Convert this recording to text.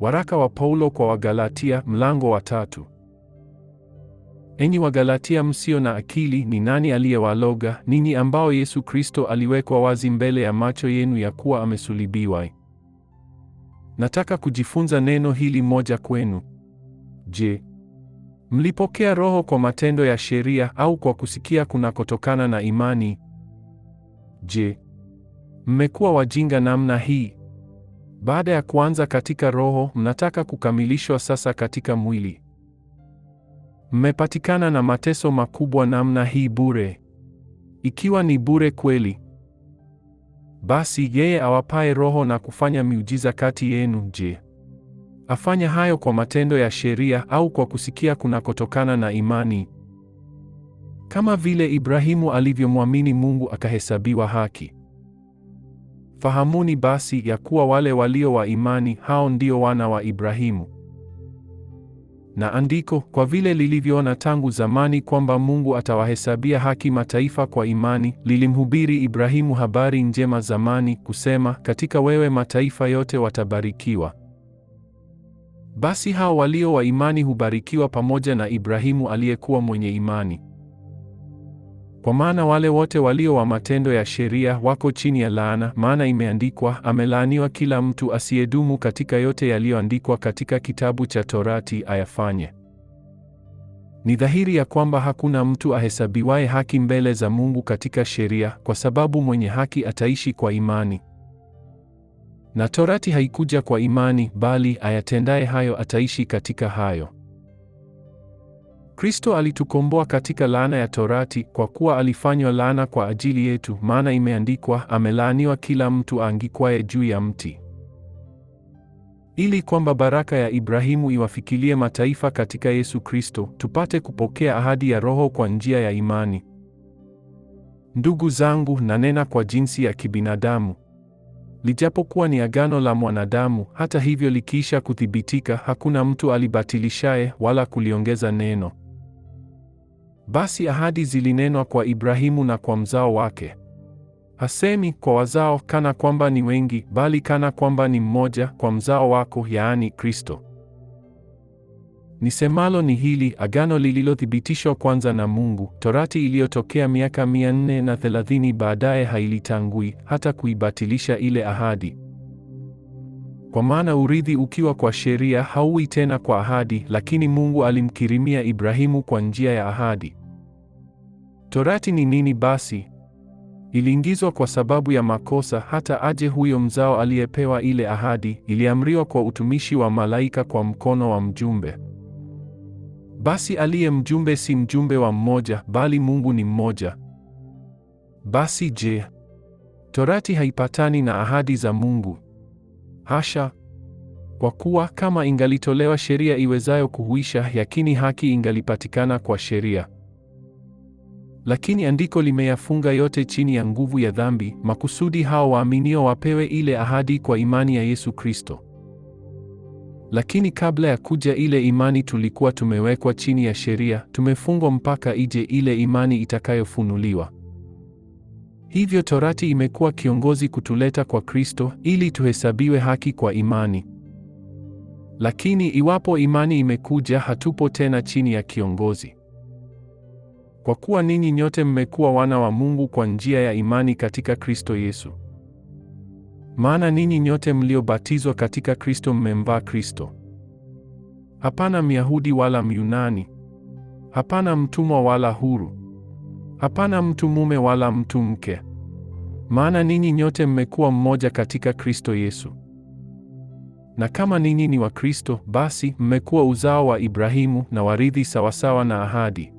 Waraka wa Paulo kwa Wagalatia mlango wa tatu. Enyi Wagalatia msio na akili, ni nani aliyewaloga ninyi, ambao Yesu Kristo aliwekwa wazi mbele ya macho yenu ya kuwa amesulibiwa? Nataka kujifunza neno hili moja kwenu. Je, mlipokea Roho kwa matendo ya sheria au kwa kusikia kunakotokana na imani? Je, mmekuwa wajinga namna hii baada ya kuanza katika roho, mnataka kukamilishwa sasa katika mwili. Mmepatikana na mateso makubwa namna hii bure. Ikiwa ni bure kweli, basi yeye awapaye roho na kufanya miujiza kati yenu, je, afanya hayo kwa matendo ya sheria au kwa kusikia kunakotokana na imani? Kama vile Ibrahimu alivyomwamini Mungu akahesabiwa haki. Fahamuni basi ya kuwa wale walio wa imani hao ndio wana wa Ibrahimu. Na andiko kwa vile lilivyoona tangu zamani kwamba Mungu atawahesabia haki mataifa kwa imani, lilimhubiri Ibrahimu habari njema zamani, kusema, katika wewe mataifa yote watabarikiwa. Basi hao walio wa imani hubarikiwa pamoja na Ibrahimu aliyekuwa mwenye imani. Kwa maana wale wote walio wa matendo ya sheria wako chini ya laana, maana imeandikwa, amelaaniwa kila mtu asiyedumu katika yote yaliyoandikwa katika kitabu cha Torati ayafanye. Ni dhahiri ya kwamba hakuna mtu ahesabiwaye haki mbele za Mungu katika sheria, kwa sababu mwenye haki ataishi kwa imani. Na Torati haikuja kwa imani, bali ayatendaye hayo ataishi katika hayo. Kristo alitukomboa katika laana ya Torati kwa kuwa alifanywa laana kwa ajili yetu, maana imeandikwa, amelaaniwa kila mtu aangikwaye juu ya mti, ili kwamba baraka ya Ibrahimu iwafikilie mataifa katika Yesu Kristo, tupate kupokea ahadi ya Roho kwa njia ya imani. Ndugu zangu, nanena kwa jinsi ya kibinadamu. Lijapokuwa ni agano la mwanadamu, hata hivyo likiisha kuthibitika, hakuna mtu alibatilishaye wala kuliongeza neno. Basi ahadi zilinenwa kwa Ibrahimu na kwa mzao wake. Hasemi kwa wazao kana kwamba ni wengi, bali kana kwamba ni mmoja, kwa mzao wako, yaani Kristo. Nisemalo ni hili, agano lililothibitishwa kwanza na Mungu, torati iliyotokea miaka 430 baadaye hailitangui hata kuibatilisha ile ahadi. Kwa maana urithi ukiwa kwa sheria hauwi tena kwa ahadi, lakini Mungu alimkirimia Ibrahimu kwa njia ya ahadi. Torati ni nini basi? Iliingizwa kwa sababu ya makosa, hata aje huyo mzao aliyepewa ile ahadi. Iliamriwa kwa utumishi wa malaika kwa mkono wa mjumbe. Basi aliye mjumbe si mjumbe wa mmoja, bali Mungu ni mmoja. Basi je, Torati haipatani na ahadi za Mungu? Hasha! Kwa kuwa kama ingalitolewa sheria iwezayo kuhuisha, yakini haki ingalipatikana kwa sheria. Lakini andiko limeyafunga yote chini ya nguvu ya dhambi, makusudi hao waaminio wapewe ile ahadi kwa imani ya Yesu Kristo. Lakini kabla ya kuja ile imani, tulikuwa tumewekwa chini ya sheria, tumefungwa mpaka ije ile imani itakayofunuliwa. Hivyo torati imekuwa kiongozi kutuleta kwa Kristo ili tuhesabiwe haki kwa imani. Lakini iwapo imani imekuja, hatupo tena chini ya kiongozi. Kwa kuwa ninyi nyote mmekuwa wana wa Mungu kwa njia ya imani katika Kristo Yesu. Maana ninyi nyote mliobatizwa katika Kristo mmemvaa Kristo. Hapana Myahudi wala Myunani. Hapana mtumwa wala huru. Hapana mtu mume wala mtu mke, maana ninyi nyote mmekuwa mmoja katika Kristo Yesu. Na kama ninyi ni wa Kristo, basi mmekuwa uzao wa Ibrahimu na warithi sawasawa na ahadi.